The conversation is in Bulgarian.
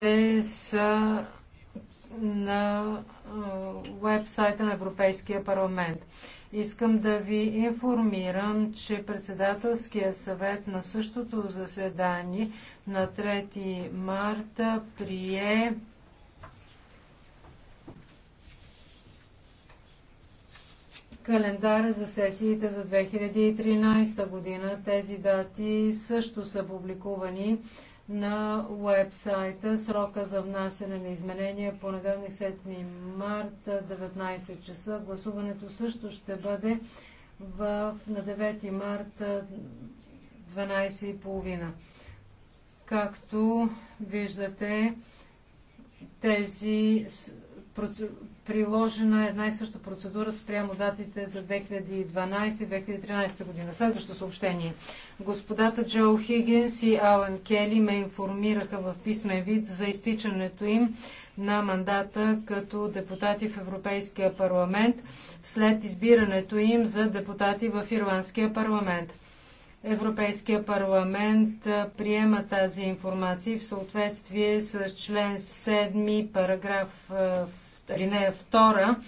Те са на вебсайта на Европейския парламент. Искам да ви информирам, че председателския съвет на същото заседание на 3 марта прие календара за сесиите за 2013 година. Тези дати също са публикувани на уебсайта. Срока за внасяне на изменения е понеделник 7 марта 19 часа. Гласуването също ще бъде в, на 9 марта 12.30. Както виждате, тези приложена е една и съща процедура спрямо датите за 2012-2013 година. Следващо съобщение. Господата Джо Хигинс и Алан Кели ме информираха в писмен вид за изтичането им на мандата като депутати в Европейския парламент след избирането им за депутати в Ирландския парламент. Европейския парламент приема тази информация в съответствие с член 7, параграф алинея 2